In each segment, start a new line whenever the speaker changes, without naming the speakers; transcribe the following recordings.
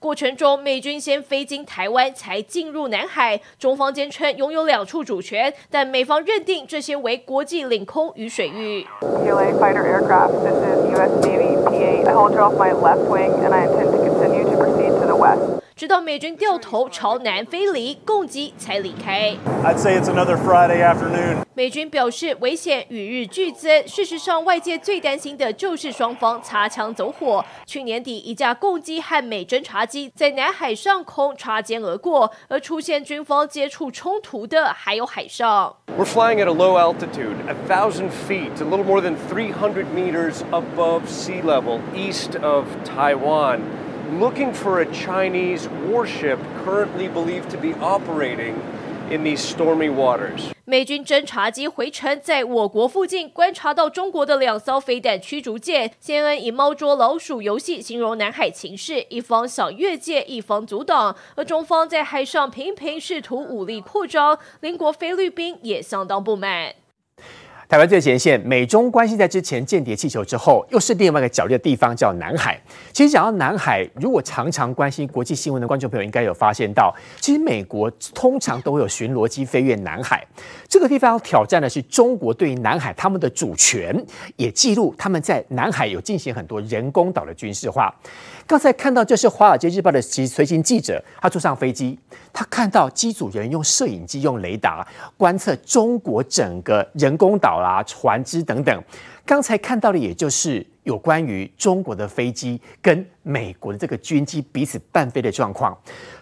過程中，美軍先飛經台灣，才進入南海。中方堅稱擁有兩處主權，但美方認定這些為國際領空與水域。直到美軍掉頭朝南飛離，共機才離開。Say 美軍表示，危險與日俱增。事實上，外界最擔心的就是雙方擦槍走火。去年底，一架共機和美偵察機在南海上空擦肩而過，而出現軍方接觸衝突的還有海
上。
美軍偵察機回程，在我國附近觀察到中國的兩艘飛彈驅逐艦。先恩以貓捉老鼠遊戲形容南海情勢，一方想越界，一方阻擋。而中方在海上頻頻試圖武力擴張，鄰國菲律賓也相當不滿。
台灣最前線，美中關係在之前間諜氣球之後，又是另外一個角力的地方，叫南海。其實講到南海，如果常常關心國際新聞的觀眾朋友，應該有發現到，其實美國通常都會有巡邏機飛越南海。這個地方要挑戰的是中國對於南海他們的主權，也記錄他們在南海有進行很多人工島的軍事化。剛才看到就是《華爾街日報》的其隨行記者，他坐上飛機，他看到機組人用攝影機、用雷達、啊、觀測中國整個人工島啦、啊、船隻等等。剛才看到的也就是有關於中國的飛機跟美國的這個軍機彼此伴飛的狀況。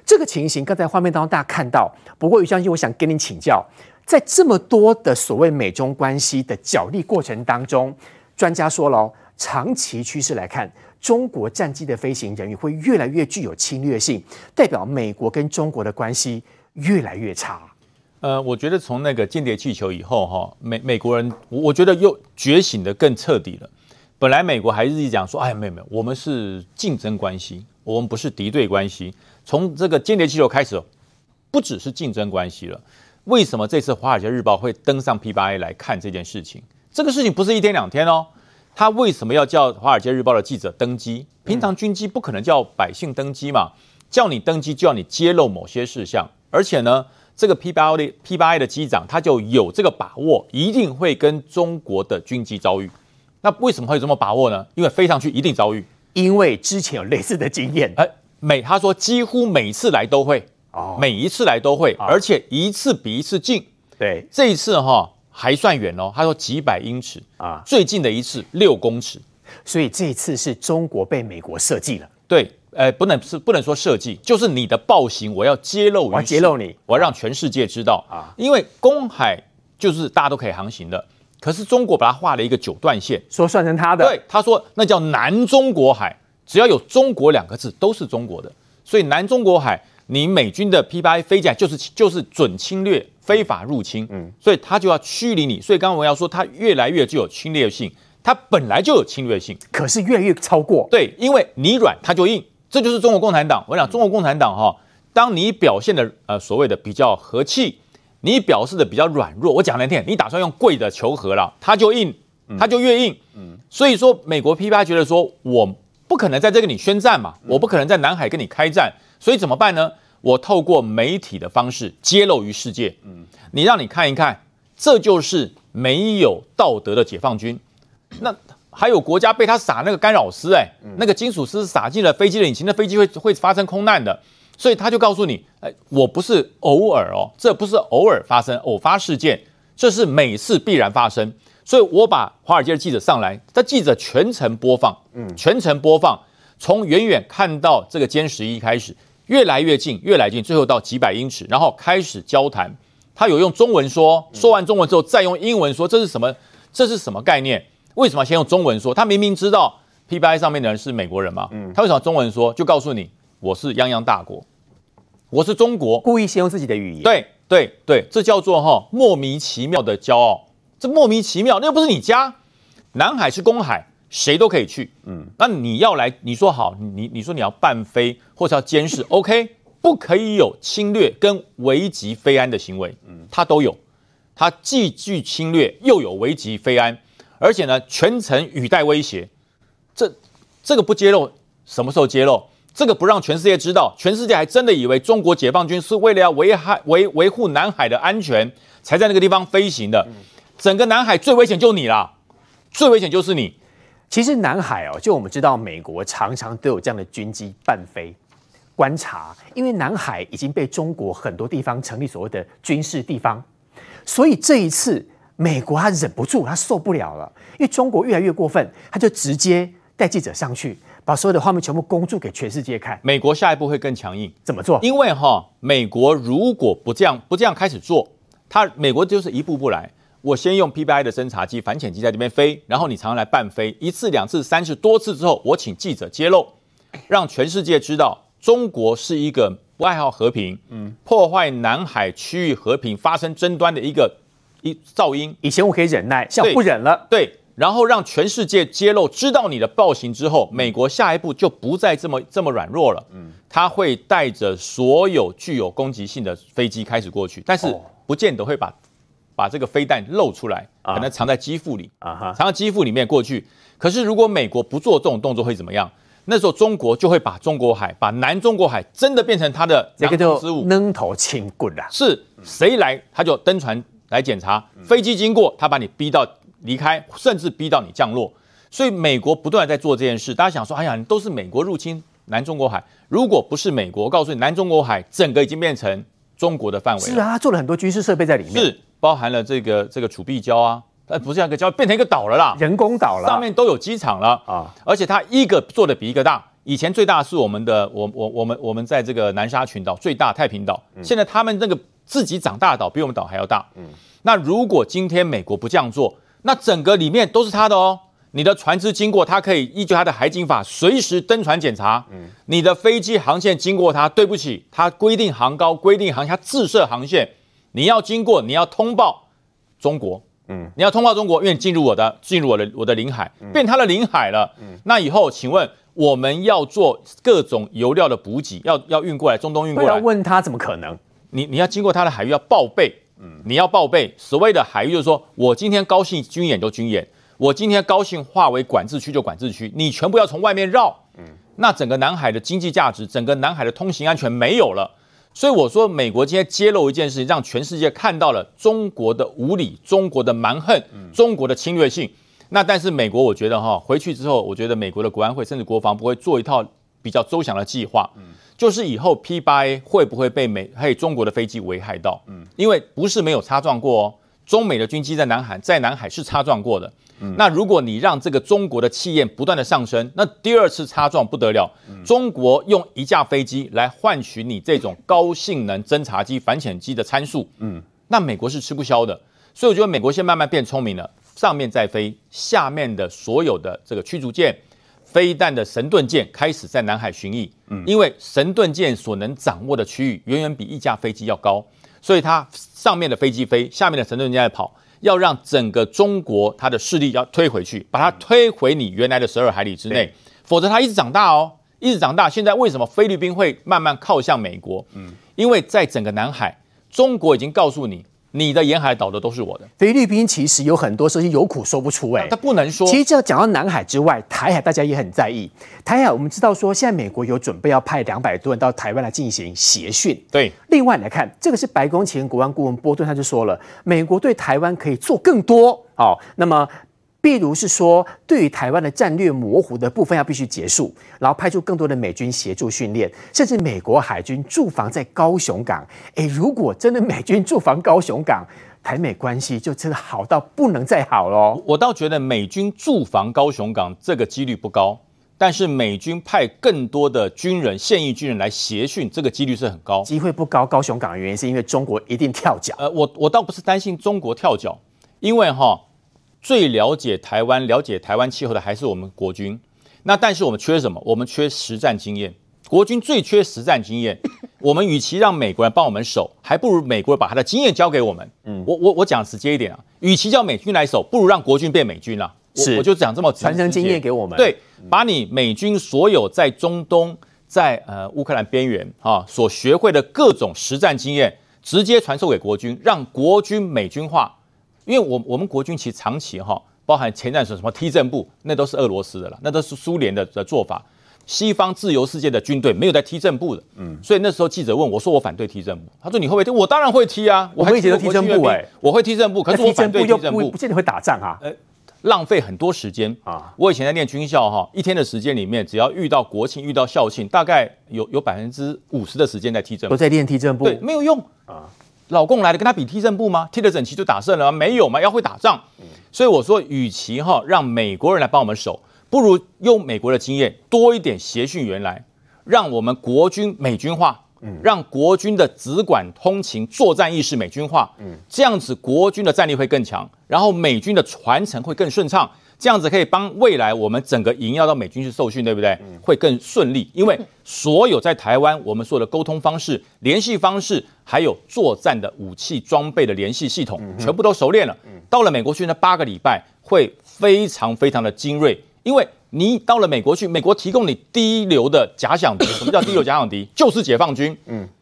這個情形剛才畫面當中大家看到。不過於將軍，我想跟你請教，在這麼多的所謂美中關係的角力過程當中，專家說囉。長期趨勢來看，中國戰機的飛行人員會越來越具有侵略性，代表美國跟中國的關係
越來越差。呃，我覺得從那個間諜氣球以後，哈，美美國人我覺得又覺醒得更徹底了。本來美國還是一直講說，哎，沒有沒有，我們是競爭關係，我們不是敵對關係。從這個間諜氣球開始，不只是競爭關係了。為什麼這次《華爾街日報》會登上 P-8A 來看這件事情？這個事情不是一天兩天哦。他為什麼要叫《華爾街日報》的記者登機？平常軍機不可能叫百姓登機嘛，叫你登機就要你揭露某些事項。而且呢，這個 P8A 的 P8A 的機長他就有這個把握，一定會跟中國的軍機遭遇。那為什麼會這麼把握呢？因為飛上去一定遭遇，因為之前有類似的經驗。哎、呃，每他說幾乎每次來都會，每一次來都會，而且一次比一次近。對，這一次哈、哦。還算遠哦，他說幾百英尺啊，最近的一次六公尺，所以這一次是中國被美國設計了。對，呃，不能是不能說設計，就是你的暴行，我要揭露，揭露你，我要讓全世界知道啊。因為公海就是大家都可以航行的，可是中國把它畫了一個九段線，說算成他的。對，他說那叫南中國海，只要有中國兩個字都是中國的，所以南中國海你美軍的 P-8A 飛機就是就是準侵略。非法入侵，嗯，所以他就要驅離你。所以剛剛我要說，他越來越具有侵略性，他本來就有侵略性，可是越來越超過。對，因為你軟他就硬，這就是中國共產黨。我講中國共產黨哈，當你表現的呃所謂的比較和氣，你表示的比較軟弱，我講難聽點，你打算用跪的求和了，他就硬，他就越硬。嗯，所以說美國批判覺得說，我不可能在這跟你宣戰嘛，我不可能在南海跟你開戰，所以怎麼辦呢？我透過媒體的方式揭露於世界，嗯，你讓你看一看，這就是沒有道德的解放軍。那還有國家被他撒那個干擾絲，哎，那個金屬絲撒進了飛機的引擎，那飛機會會發生空難的。所以他就告訴你，哎，我不是偶爾哦，這不是偶爾發生偶發事件，這是每次必然發生。所以我把華爾街的記者上來，這記者全程播放，嗯，全程播放，從遠遠看到這個殲十一開始。越來越近，越來越近，最後到幾百英尺，然後開始交談。他有用中文說，說完中文之後再用英文說這是什麼？這是什麼概念？為什麼先用中文說？他明明知道 P8A 上面的人是美國人嘛，嗯，他為什麼中文說？就告訴你我是泱泱大國，我是中國，故意先用自己的語言。對對對，這叫做哈莫名其妙的驕傲，這莫名其妙，那又不是你家，南海是公海。誰都可以去，嗯，那你要來，你說好，你你說你要伴飛或者是要監視，OK，不可以有侵略跟危及飛安的行為，嗯，他都有，他既具侵略又有危及飛安，而且呢全程語帶威脅，這這個不揭露，什麼時候揭露？這個不讓全世界知道，全世界還真的以為中國解放軍是為了要危害維維護南海的安全才在那個地方飛行的，整個南海最危險就你了，最危險就是你。其實南海哦，就我們知道，美國常
常都有這樣的軍機伴飛觀察，因為南海已經被中國很多地方成立所謂的軍事地方，所以這一次美國他忍不住，他受不了了，因為中國越來越過分，他就直接帶記者上去，把所有的
畫面全部公諸給全世界看。美國下一步會更強硬，怎麼做？因為哈，美國如果不這樣不這樣開始做，他美國就是一步步來。我先用 PBI 的偵察機、反潛機在這邊飛，然後你常常來伴飛一次、兩次、三次、多次之後，我請記者揭露，讓全世界知道中國是一個不愛好和平、嗯，破壞南海區域和平、發生爭端的一個一噪音。以前我可以忍耐，現在不忍了。對，然後讓全世界揭露，知道你的暴行之後，美國下一步就不再這麼這麼軟弱了。嗯，他會帶着所有具有攻擊性的飛機開始過去，但是不見得會把。把這個飛彈露出來，把它藏在機腹裡，啊，嗯、藏在機腹裡面過去。可是如果美國不做這種動作，會怎麼樣？那時候中國就會把中國海，把南中國海真的變成他的這個就愣頭輕棍了。是誰來他就登船來檢查，飛機經過，他把你逼到離開，甚至逼到你降落。所以美國不斷在做這件事。大家想說，哎呀，你都是美國入侵南中國海。如果不是美國，我告訴你南中國海整個已經變成中國的範圍。是啊，他做
了很多軍事設備在裡面。是。
包含了這個這個渚碧礁啊，不是這樣一個礁，變成一個島了啦，人工島了，上面都有機場了啊，而且它一個做的比一個大，以前最大是我們的，我我我們我們在這個南沙群島最大太平島，嗯、現在他們那個自己長大的島比我們島還要大，嗯、那如果今天美國不這樣做，那整個裡面都是他的哦，你的船只經過，它可以依據它的海警法隨時登船檢查，嗯、你的飛機航線經過它，對不起，它規定航高，規定航線，它自設航線。你要經過，你要通報中國，嗯，你要通報中國，因為你進入我的，進入我的，我的領海，嗯、變他的領海了。嗯，那以後，請問我們要做各種油料的補給，要要運過來，中東運過來，我要問他怎麼可能？你你要經過他的海域，要報備，嗯，你要報備。所謂的海域，就是說我今天高興軍演就軍演，我今天高興劃為管制區就管制區，你全部要從外面繞，嗯，那整個南海的經濟價值，整個南海的通行安全沒有了。所以我說，美國今天揭露一件事情，讓全世界看到了中國的無理、中國的蠻橫、中國的侵略性。嗯、那但是美國，我覺得哈、哦，回去之後，我覺得美國的國安會甚至國防部會做一套比較周詳的計劃，嗯、就是以後 P8A 會不會被美嘿，中國的飛機危害到？嗯，因為不是沒有擦撞過哦，中美的軍機在南海，在南海是擦撞過的。嗯嗯、那如果你讓這個中國的氣焰不斷的上升，那第二次擦撞不得了。嗯、中國用一架飛機來換取你這種高性能偵察機、反潛機的參數，那美國是吃不消的。所以我覺得美國現在慢慢變聰明了，上面在飛，下面的所有的這個驅逐艦、飛彈的神盾艦開始在南海巡弋。嗯、因為神盾艦所能掌握的區域遠遠比一架飛機要高，所以它上面的飛機飛，下面的神盾艦在跑。要讓整個中國它的勢力要推回去，把它推回你原來的十二海里之內，對否則它一直長大哦，一直長大。現在為什麼菲律賓會慢慢靠向美國？嗯，因為在整個南海，中國已經告訴你。你的沿海島的都是我的。
菲律賓其實有很多事情有苦說不出、欸，哎，他不能說。其實這要講到南海之外，台海大家也很在意。台海我們知道說，現在美國有準備要派兩百多人到台灣來進行協訓。對，另外你來看，這個是白宮前國安顧問波頓，他就說了，美國對台灣可以做更多。好，那麼。譬如是說，對於台灣的戰略模糊的部分要必須結束，然後派出更多的美軍協助訓練，甚至美國海軍駐防在高雄港。誒，如果真的美軍駐防高雄港，台美關係就真的好到不能再
好了。我倒覺得美軍駐防高雄港這個幾率不高，但是美軍派更多的軍人、現役軍人來協訓，這個幾率是很高。機會不高，高雄港的原因是因為中國一定跳腳。呃，我我倒不是擔心中國跳腳，因為哈。最了解台灣、了解台灣氣候的還是我們國軍。那但是我們缺什麼？我們缺實戰經驗。國軍最缺實戰經驗。 我們與其讓美國人幫我們守，還不如美國人把他的經驗交給我們。嗯，我我我講直接一點啊，與其叫美軍來守，不如讓國軍變美軍了啊。是，我，我就講這麼直接。傳承經驗給我們。對，把你美軍所有在中東、在呃烏克蘭邊緣啊所學會的各種實戰經驗，直接傳授給國軍，讓國軍美軍化。因為我我們國軍其實長期哈、哦，包含前陣子什麼踢正步，那都是俄羅斯的了，那都是蘇聯的的做法。西方自由世界的軍隊沒有在踢正步的，嗯，所以那時候記者問我說，我反對踢正步，他說，你會不會踢？我當然會踢啊，我會覺得還踢正步，哎，我會踢正步，可是我反對踢正步，步就不見得會打仗啊，浪費很多時間啊。我以前在念軍校哈，一天的時間裡面，只要遇到國慶、遇到校慶，大概有有百分之五十的時間在踢正步，都在練踢正步，對，沒有用啊。老共來了，跟他比踢正步嗎？踢得整齊就打勝了嗎？沒有嘛，要會打仗。嗯、所以我說，與其哈讓美國人來幫我們守，不如用美國的經驗多一點協訓員來，讓我們國軍美軍化，嗯、讓國軍的指管通情作戰意識美軍化，嗯、這樣子國軍的戰力會更強，然後美軍的傳承會更順暢。這樣子可以幫未來，我們整個營要到美軍去受訓，對不對？會更順利，因為所有在台灣，我們所有的溝通方式、聯繫方式，還有作戰的武器裝備的聯繫系統，全部都熟練了。到了美國去那八個禮拜，會非常非常的精銳，因為你到了美國去，美國提供你第一流的假想敵。什麼叫第一流假想敵？就是解放軍。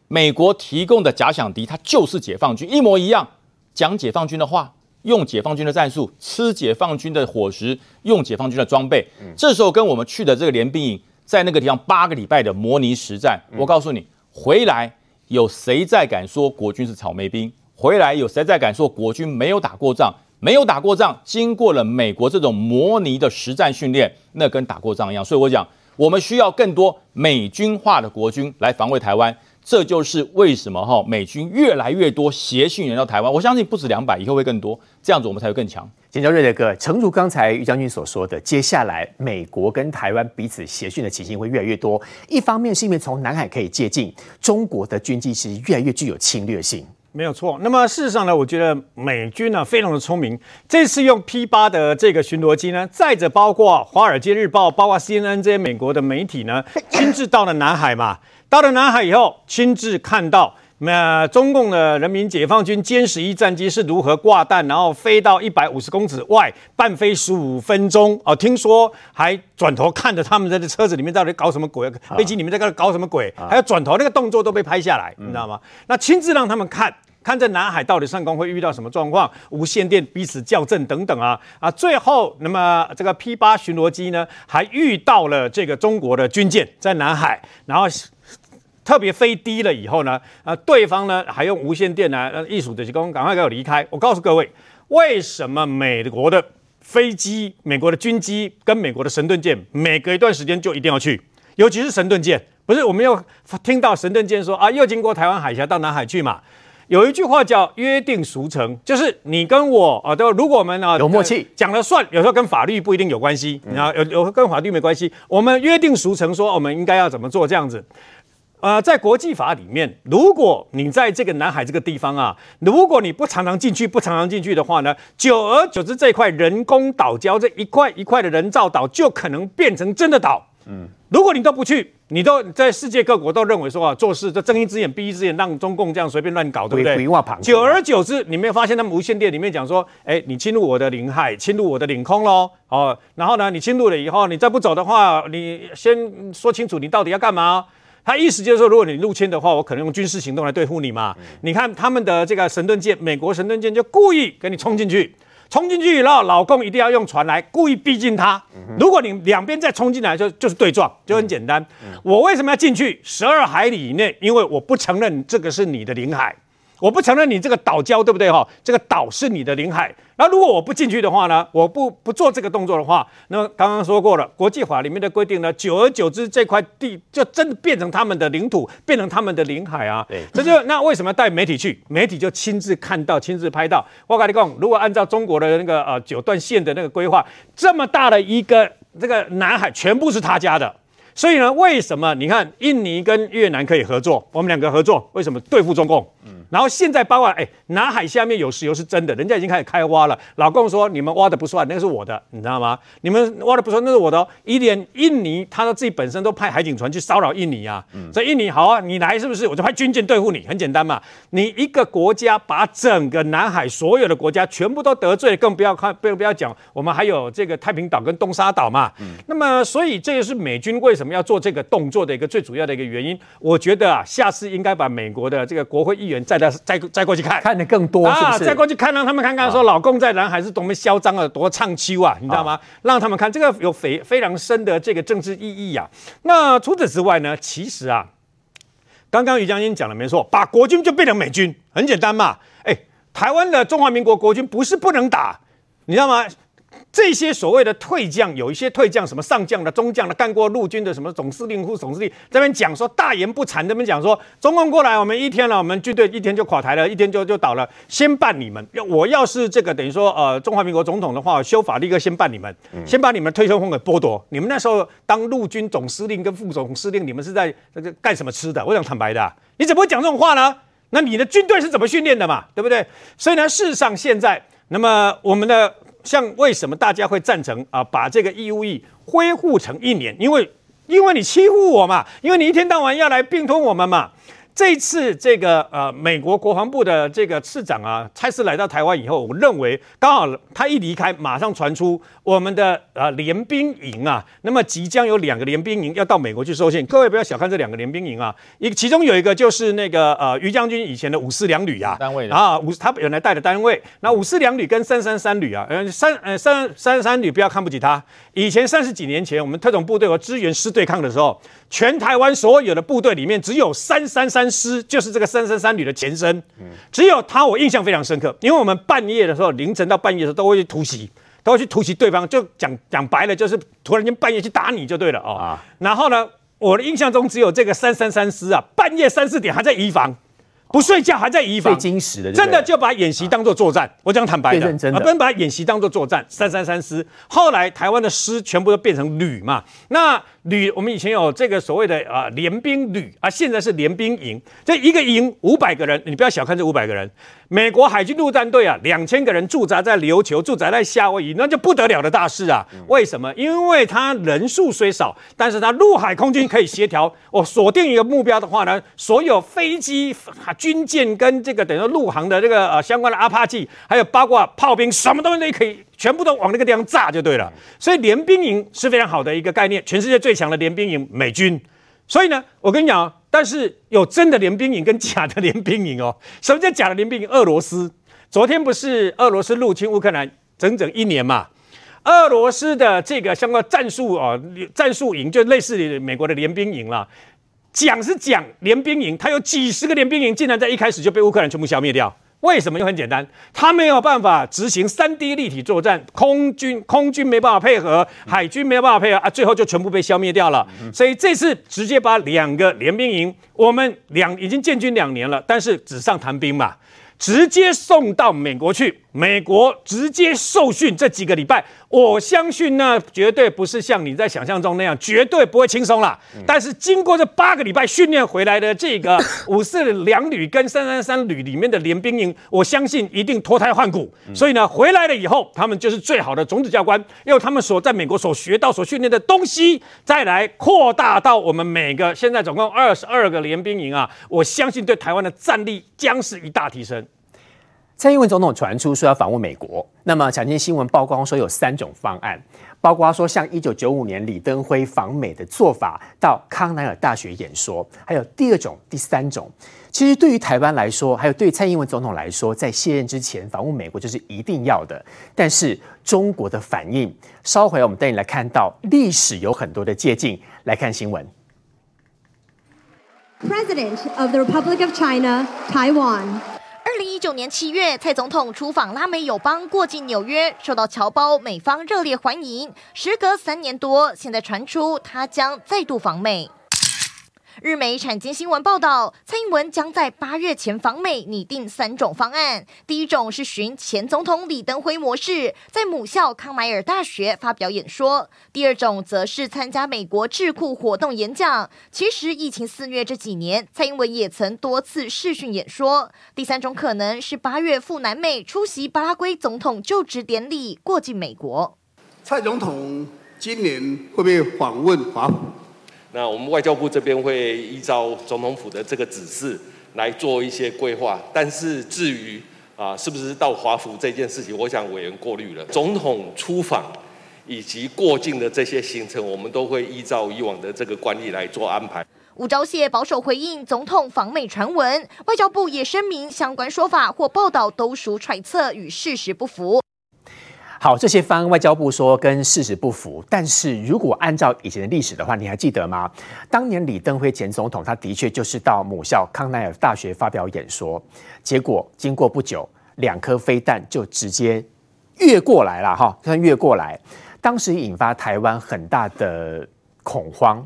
美國提供的假想敵，它就是解放軍，一模一樣，講解放軍的話。用解放軍的戰術，吃解放軍的夥食，用解放軍的裝備。嗯、這時候跟我們去的這個聯兵營，在那個地方八個禮拜的模擬實戰。嗯、我告訴你，回來有誰再敢說國軍是草莓兵？回來有誰再敢說國軍沒有打過仗？沒有打過仗，經過了美國這種模擬的實戰訓練，那跟打過仗一樣。所以我講，我們需要更多美軍化的國軍來防衛台灣。這就是為什麼齁，美軍越來越多協訓人到台灣，我相信不止兩百，以後會更多，這樣子我們才會更強。請教瑞德哥，誠如剛才於將軍所說的，接下來美國跟台灣彼此協訓的情形會
越來越多。一方面是因為從南海可以接近中國的軍機，其實越來越具有侵略性，
沒有錯。那麼事實上呢，我覺得美軍呢、啊、非常的聰明，這次用 P 八的這個巡邏機呢，載著包括華爾街日報、包括 CNN 這些美國的媒體呢，親自 到了南海嘛。到了南海以後，親自看到那、嗯、中共的人民解放軍殲十一戰機是如何掛彈，然後飛到一百五十公尺外，伴飛十五分鐘。哦、啊，聽說還轉頭看着他們在這車子裡面到底搞什麼鬼，飛機、啊、裡面在搞什麼鬼，啊、還要轉頭，啊、那個動作都被拍下來，你知道嗎？嗯、那親自讓他們看看在南海到底上空會遇到什麼狀況，無線電彼此校正等等啊啊！最後，那麼這個 P 八巡邏機呢，還遇到了這個中國的軍艦在南海，然後。特別飛低了以後呢，啊，對方呢還用無線電呢，意思就是說，趕快給我離開！我告訴各位，為什麼美國的飛機，美國的軍機跟美國的神盾艦，每隔一段時間就一定要去，尤其是神盾艦，不是我們又聽到神盾艦說啊，又經過台灣海峽到南海去嘛？有一句話叫約定俗成，就是你跟我啊，都如果我們啊，有默契，講了算，有時候跟法律不一定有關係，你知道有，有跟法律沒關係，我們約定俗成說我們應該要怎麼做，這樣子。呃，在國際法裡面，如果你在這個南海這個地方啊，如果你不常常進去，不常常進去的話呢，久而久之，這塊人工島礁這一塊一塊的人造島，就可能變成真的島。嗯，如果你都不去，你都在世界各國都認為說啊，做事這睜一隻眼閉一隻眼，讓中共這樣隨便亂搞，對不對？鬼話旁。久而久之，你沒有發現他們無線電裡面講說，誒、欸、你侵入我的領海，侵入我的領空嘍，哦，然後呢，你侵入了以後，你再不走的話，你先說清楚，你到底要幹嘛？他意思就是說，如果你入侵的話，我可能用軍事行動來對付你嘛。嗯、你看他們的這個神盾艦，美國神盾艦就故意給你衝進去，衝進去以後，老共一定要用船來故意逼近他。嗯、哼如果你兩邊再衝進來就，就就是對撞，就很簡單。嗯嗯、我為什麼要進去十二海里以內？因為我不承認這個是你的領海。我不承認你這個島礁，對不對哈？這個島是你的領海。那如果我不進去的話呢？我不不做這個動作的話，那麼剛剛說過了，國際法裡面的規定呢，久而久之這塊地就真的變成他們的領土，變成他們的領海啊。這對就那為什麼帶媒體去？媒體就親自看到，親自拍到。我跟你講，如果按照中國的那個呃九段線的那個規劃，這麼大的一個這個南海全部是他家的。所以呢，為什麼你看印尼跟越南可以合作？我們兩個合作，為什麼對付中共？嗯。然後現在包括哎，南海下面有石油是真的，人家已經開始開挖了。老共說，你們挖的不算，那個是我的，你知道嗎？你們挖的不算，那是我的、哦。一點印尼，他說自己本身都派海警船去騷擾印尼啊。嗯、所以印尼好啊，你來是不是？我就派軍艦對付你，很簡單嘛。你一個國家把整個南海所有的國家全部都得罪，更不要看，更不要講，我們還有這個太平島跟東沙島嘛。嗯、那麼，所以這也是美軍為什麼要做這個動作的一個最主要的一個原因。我覺得啊，下次應該把美國的這個國會議員再。再再再過去看看
的更多是啊！是不是再過
去看，讓他們看看說，老共在南海是多麼囂張啊，多唱秋啊！你知道嗎？啊、讓他們看這個有非非常深的這個政治意義啊。那除此之外呢？其實啊，剛剛於將軍講的沒錯，把國軍就變成美軍，很簡單嘛。哎、欸，台灣的中華民國國軍不是不能打，你知道嗎？這些所謂的退將，有一些退將，什麼上將的、中將的，幹過陸軍的，什麼總司令、副總司令，這邊講說大言不慚，這邊講說中共過來，我們一天了、啊，我們軍隊一天就垮台了，一天就就倒了，先辦你們。要我要是這個等於說呃中華民國總統的話，修法立刻先辦你們，嗯、先把你們退休俸給剝奪。你們那時候當陸軍總司令跟副總司令，你們是在幹什麼吃的？我想坦白的、啊，你怎麼會講這種話呢？那你的軍隊是怎麼訓練的嘛？對不對？所以呢，事實上現在，那麼我們的。像為什麼大家會贊成啊？把這個義務役恢復成一年，因為因為你欺負我嘛，因為你一天到晚要來併吞我們嘛。這一次這個呃，美國國防部的這個次長啊，蔡斯來到台灣以後，我認為剛好他一離開，馬上傳出我們的呃聯兵營啊，那麼即將有兩個聯兵營要到美國去受訓。各位不要小看這兩個聯兵營啊，一其中有一個就是那個呃於將軍以前的五四兩旅啊單位啊五他原來帶的單位，那五四兩旅跟三三三旅啊，嗯、呃、三、呃、三三三旅不要看不起他，以前三十幾年前我們特種部隊和支援師對抗的時候。全台灣所有的部隊裡面，只有三三三師，就是這個三三三旅的前身，只有他，我印象非常深刻。因為我們半夜的時候，凌晨到半夜的時候都會去突襲，都會去突襲對方。就講講白了，就是突然間半夜去打你就對了。然後呢，我的印象中只有這個三三三師啊，半夜三四點還在移防，不睡覺還在移防，真的就把演習當做作戰。我講坦白的，不能把他演習當做作戰。三三三師後來台灣的師全部都變成旅嘛，那。旅，我們以前有這個所謂的啊呃、聯兵旅啊，現在是聯兵營。這一個營五百個人，你不要小看這五百個人。美國海軍陸戰隊啊，兩千個人駐紮在琉球，駐紮在夏威夷，那就不得了的大事啊！為什麼？因為它人數雖少，但是它陸海空軍可以協調。我鎖定一個目標的話呢，所有飛機、啊、軍艦跟這個等於陸航的這個呃、啊、相關的阿帕奇，還有包括炮兵，什麼東西都可以。全部都往那個地方炸就對了，所以聯兵營是非常好的一個概念，全世界最強的聯兵營，美軍。所以呢，我跟你講，但是有真的聯兵營跟假的聯兵營哦。什麼叫假的聯兵營？俄羅斯昨天不是俄羅斯入侵烏克蘭整整一年嘛？俄羅斯的這個相關戰術啊、哦，戰術營就類似美國的聯兵營了，講是講聯兵營，它有幾十個聯兵營，竟然在一開始就被烏克蘭全部消滅掉。為什麼？又很簡單，他沒有辦法執行 3D 立體作戰，空軍空軍沒辦法配合，海軍沒辦法配合啊，最後就全部被消滅掉了。嗯嗯。所以這次直接把兩個聯兵營，我們兩已經建軍兩年了，但是紙上談兵嘛，直接送到美國去。美國直接受訓這幾個禮拜，我相信呢，絕對不是像你在想象中那樣，絕對不會輕鬆了。嗯、但是經過這八個禮拜訓練回來的這個五四二旅跟三三三旅裡面的聯兵營，我相信一定脫胎換骨。嗯、所以呢，回來了以後，他們就是最好的種子教官，用他們所在美國所學到、所訓練的東西，再來擴大到我們每個現在總共二十二個聯兵營啊！我相信對台灣的戰力將是一
大提升。蔡英文總統傳出說要訪問美國，那麼搶先新聞曝光說有三種方案，包括說像一九九五年李登輝訪美的做法，到康奈爾大學演說，還有第二種、第三種。其實對於台灣來說，還有對蔡英文總統來說，在卸任之前訪問美國就是一定要的。但是中國的反應，稍後我們帶你來看到歷史有很多的借鑑。來看新聞。
President of the Republic of China, Taiwan. 二零一九年七月，蔡總統出訪拉美友邦，過境紐約，受到僑胞、美方熱烈歡迎。時隔三年多，現在傳出他將再度訪美。日媒產經新聞報道，蔡英文將在八月前訪美，擬定三種方案。第一種是循前總統李登輝模式，在母校康乃爾大學發表演說；第二種則是參加美國智庫活動演講。其實，疫情肆虐這幾年，蔡英文也曾多次視訊演說。第三種可能是八月赴南美出席巴拉圭總統就職典禮，過境美國。
蔡總統今年會不會訪問華府？
那我們外交部這邊會依照總統府的這個指示來做一些規劃，但是至於啊，是不是到華府這件事情，我想委員過濾了。總統出訪以及過境的這些行程，我們都會依照以往的這個慣例來做安排。
吳釗燮保守回應總統訪美傳聞，外交部也聲明相關說法或報道都屬揣測，與事實不符。
好，這些方案外交部說跟事實不符，但是如果按照以前的歷史的話，你還記得嗎？當年李登輝前總統，他的確就是到母校康奈爾大學發表演說，結果經過不久，兩顆飛彈就直接越過來了，哈、哦，算越過來，當時引發台灣很大的恐慌。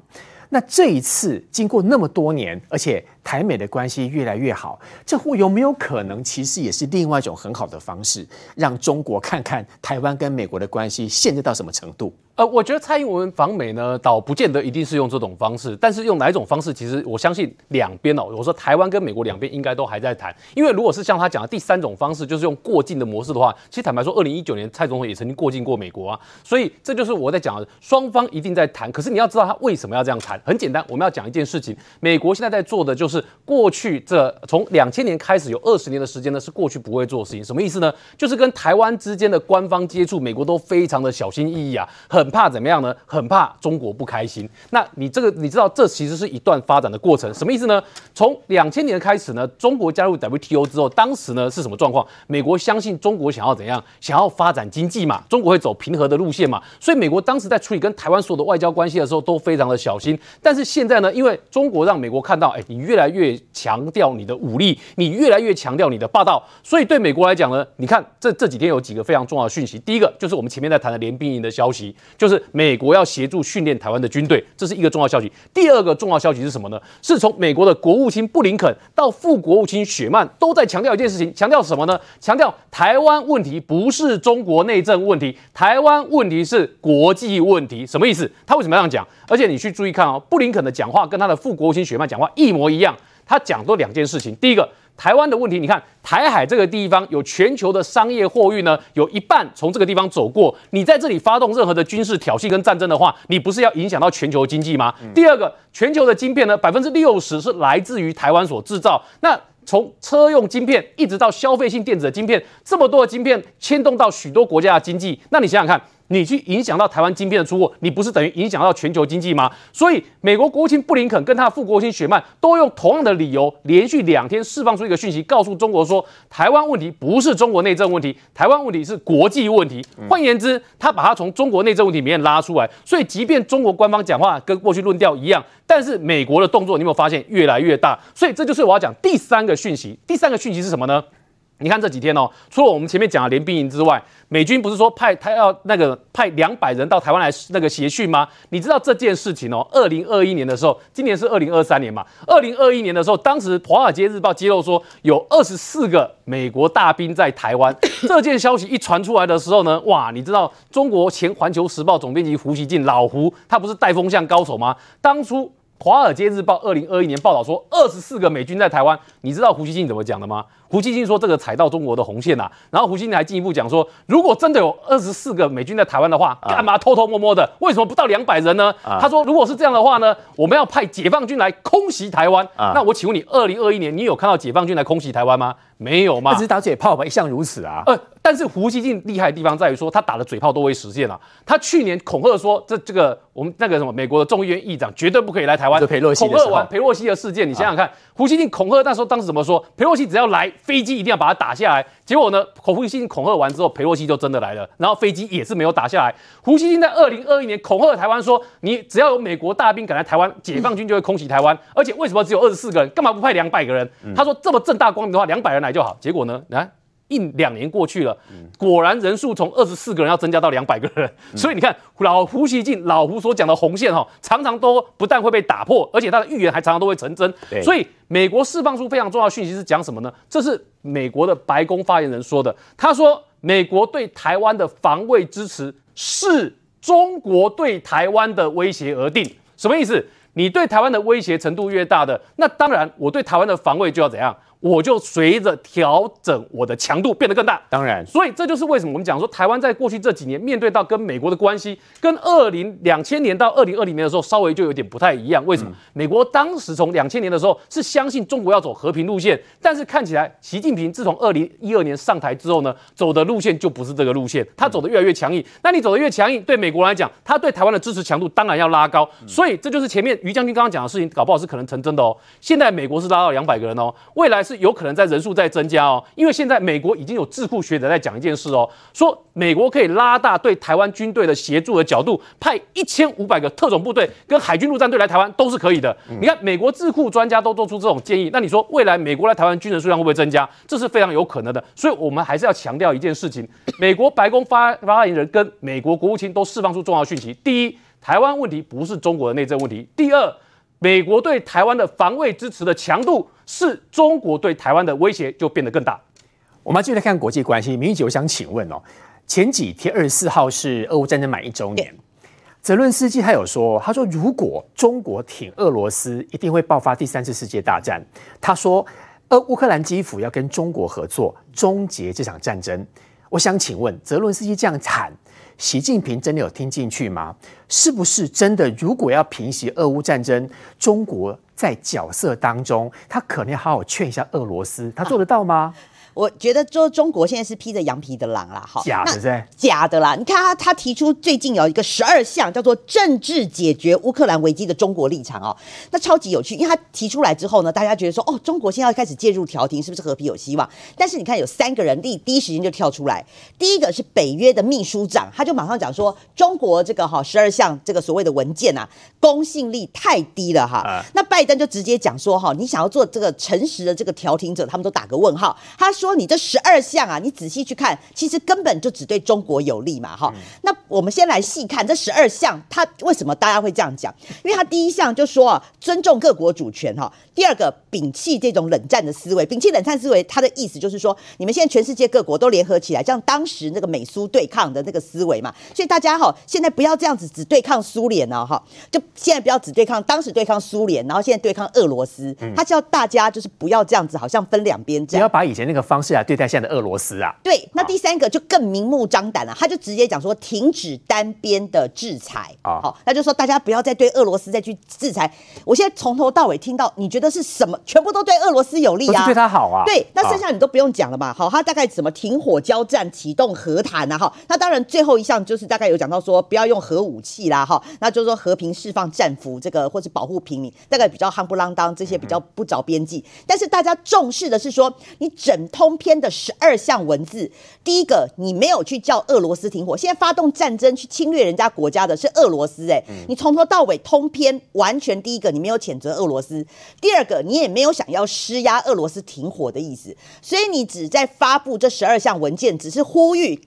那這一次經過那麼多年，而且。台美的關係越來越好，這會有沒有可能？其實也是另外一種很好的方式，讓中國看看台灣跟美國的關係現在到什麼程度。
呃，我覺得蔡英文訪美呢，倒不見得一定是用這種方式，但是用哪一種方式，其實我相信兩邊哦，我說台灣跟美國兩邊應該都還在談，因為如果是像他講的第三種方式，就是用過境的模式的話，其實坦白說，二零一九年蔡總統也曾經過境過美國啊，所以這就是我在講的，雙方一定在談。可是你要知道他為什麼要這樣談，很簡單，我們要講一件事情，美國現在在做的就是過去這從兩千年開始有二十年的時間呢，是過去不會做的事情，什麼意思呢？就是跟台灣之間的官方接觸，美國都非常的小心翼翼啊，很。很怕怎麼樣呢？很怕中國不開心。那你這個，你知道這其實是一段發展的過程，什麼意思呢？從兩千年的開始呢，中國加入 WTO 之後，當時呢是什麼狀況？美國相信中國想要怎樣？想要發展經濟嘛？中國會走平和的路線嘛？所以美國當時在處理跟台灣所有的外交關係的時候，都非常的小心。但是現在呢，因為中國讓美國看到，哎，你越來越強調你的武力，你越來越強調你的霸道，所以對美國來講呢，你看這這幾天有幾個非常重要的訊息。第一個就是我們前面在談的聯兵營的消息。就是美國要協助訓練台灣的軍隊，這是一個重要消息。第二個重要消息是什麼呢？是從美國的國務卿布林肯到副國務卿雪曼都在強調一件事情，強調什麼呢？強調台灣問題不是中國內政問題，台灣問題是國際問題。什麼意思？他為什麼要這樣講？而且你去注意看哦，布林肯的講話跟他的副國務卿雪曼講話一模一樣，他講了兩件事情。第一個。台灣的問題，你看，台海這個地方有全球的商業貨運呢，有一半從這個地方走過。你在這裡發動任何的軍事挑釁跟戰爭的話，你不是要影響到全球經濟嗎？嗯、第二個，全球的晶片呢，百分之六十是來自於台灣所製造。那從車用晶片一直到消費性電子的晶片，這麼多的晶片牽動到許多國家的經濟。那你想想看。你去影響到台灣晶片的出貨，你不是等於影響到全球經濟嗎？所以美國國務卿布林肯跟他的副國務卿雪曼都用同樣的理由，連續兩天釋放出一個訊息，告訴中國說，台灣問題不是中國內政問題，台灣問題是國際問題。換言之，他把他從中國內政問題裡面拉出來。所以，即便中國官方講話跟過去論調一樣，但是美國的動作你有沒有發現越來越大？所以這就是我要講第三個訊息。第三個訊息是什麼呢？你看這幾天哦，除了我們前面講的聯兵營之外，美軍不是說派他要那個派兩百人到台灣來那個協訓嗎？你知道這件事情哦？二零二一年的時候，今年是二零二三年嘛。二零二一年的時候，當時《華爾街日報》揭露說有二十四個美國大兵在台灣。 這件消息一傳出來的時候呢，哇，你知道中國前《環球時報》總編輯胡錫進老胡他不是帶風向高手嗎？當初《華爾街日報》二零二一年報道說二十四個美軍在台灣，你知道胡錫進怎麼講的嗎？胡錫進說：“這個踩到中國的紅線了。”然後胡錫進還進一步講說：“如果真的有二十四個美軍在台灣的話，幹嘛偷偷摸摸的？為什麼不到兩百人呢？”他說：“如果是這樣的話呢，我們要派解放軍來空襲台灣。”那我請問你，二零二一年你有看到解放軍來空襲台灣嗎？沒有嗎？只是打嘴炮吧，一向如此啊。呃，但是胡錫進厲害的地方在於說，他打的嘴炮都會實現了啊。他去年恐嚇說：“這這個我們那個什麼美國的眾議院議長絕對不可以來台灣。”恐嚇完裴洛西的事件，你想想看，胡錫進恐嚇那時候當時怎麼說？裴洛西只要來。飛機一定要把它打下來，結果呢？胡錫進恐嚇完之後，裴洛西就真的來了，然後飛機也是沒有打下來。胡錫進在二零二一年恐嚇台灣說：“你只要有美國大兵敢來台灣，解放軍就會空襲台灣。”嗯而且為什麼只有二十四個人？幹嘛不派兩百個人？嗯、他說：“這麼正大光明的話，兩百人來就好。”結果呢？來。一兩年過去了，果然人數從二十四個人要增加到兩百個人，所以你看，嗯、老胡錫進老胡所講的紅線哈，常常都不但會被打破，而且他的預言還常常都會成真。對所以美國釋放出非常重要的訊息是講什麼呢？這是美國的白宮發言人說的，他說美國對台灣的防衛支持視中國對台灣的威脅而定，什麼意思？你對台灣的威脅程度越大的，那當然我對台灣的防衛就要怎樣？我就隨着調整我的強度變得更大，當然，所以這就是為什麼我們講說台灣在過去這幾年面對到跟美國的關係，跟二零兩千年到二零二零年的時候稍微就有點不太一樣。為什麼？嗯、美國當時從兩千年的時候是相信中國要走和平路線，但是看起來習近平自從二零一二年上台之後呢，走的路線就不是這個路線，他走的越來越強硬。嗯、那你走的越強硬，對美國來講，他對台灣的支持強度當然要拉高。嗯、所以這就是前面於將軍剛剛講的事情，搞不好是可能成真的哦。現在美國是拉到兩百個人哦，未來。是有可能在人數在增加哦，因為現在美國已經有智庫學者在講一件事哦，說美國可以拉大對台灣軍隊的協助的角度，派一千五百個特種部隊跟海軍陸戰隊來台灣都是可以的。你看美國智庫專家都做出這種建議，那你說未來美國來台灣軍人數量會不會增加？這是非常有可能的。所以，我們還是要強調一件事情：美國白宮發發言人跟美國國務卿都釋放出重要訊息。第一，台灣問題不是中國的內政問題；第二，美國對台灣的防衛支持的強度。是中國對台灣的威脅就變得更大。我們繼續來看國際關係。明玉姐，我想請問哦，前幾天二十四號是
俄烏戰爭滿一周年。Yeah. 澤連斯基他有說，他說如果中國挺俄羅斯，一定會爆發第三次世界大戰。他說，烏克蘭基輔要跟中國合作，終結這場戰爭。我想請問，澤倫斯基這樣喊，習近平真的有聽進去嗎？是不是真的？如果要平息俄烏戰爭，中國在角色當中，他可能要好好勸一下俄羅斯，他做得到嗎？啊
我覺得說中國現在是披着羊皮的狼啦，哈，假的那是假的啦！你看他他提出最近有一個十二項叫做政治解決烏克蘭危機的中國立場哦，那超級有趣，因為他提出來之後呢，大家覺得說哦，中國現在要開始介入調停，是不是和平有希望？但是你看有三個人立第一時間就跳出來，第一個是北約的秘書長，他就馬上講說中國這個哈十二項這個所謂的文件吶、啊，公信力太低了哈。嗯、那拜登就直接講說哈、哦，你想要做這個誠實的這個調停者，他們都打個問號。他。說你這十二項啊，你仔細去看，其實根本就只對中國有利嘛，哈、哦。嗯、那我們先來細看這十二項，它為什麼大家會這樣講？因為它第一項就說尊重各國主權，哈。第二個，摒棄這種冷戰的思維，摒棄冷戰思維，它的意思就是說，你們現在全世界各國都聯合起來，像當時那個美蘇對抗的那個思維嘛。所以大家哈、哦，現在不要這樣子只對抗蘇聯了、哦，哈、哦。就現在不要只對抗當時對抗蘇聯，然後現在對抗俄羅斯，他、嗯、叫大家就是不要這樣子，好像分兩邊這樣。你要把以前那個。
方式來、啊、對待現在的俄羅斯啊？
對，那第三個就更明目張膽了、啊，哦、他就直接講說停止單邊的制裁哦，好、哦，那就說大家不要再對俄羅斯再去制裁。我現在從頭到尾聽到，你覺得是什麼？全部都對俄羅斯有利啊？對他好啊？對，哦、那剩下你都不用講了嘛。好、哦，他大概怎麼停火交戰、啟動和談啊？好、哦，那當然最後一項就是大概有講到說不要用核武器啦。哈、哦，那就是說和平釋放戰俘，這個或是保護平民，大概比較夯不啷當，這些比較不着邊際。嗯、哼但是大家重視的是說你整。通篇的十二項文字，第一個你沒有去叫俄羅斯停火，現在發動戰爭去侵略人家國家的是俄羅斯、欸，哎、嗯，你從頭到尾通篇完全，第一個你沒有譴責俄羅斯，第二個你也沒有想要施壓俄羅斯停火的意思，所以你只在發佈這十二項文件，只是呼籲。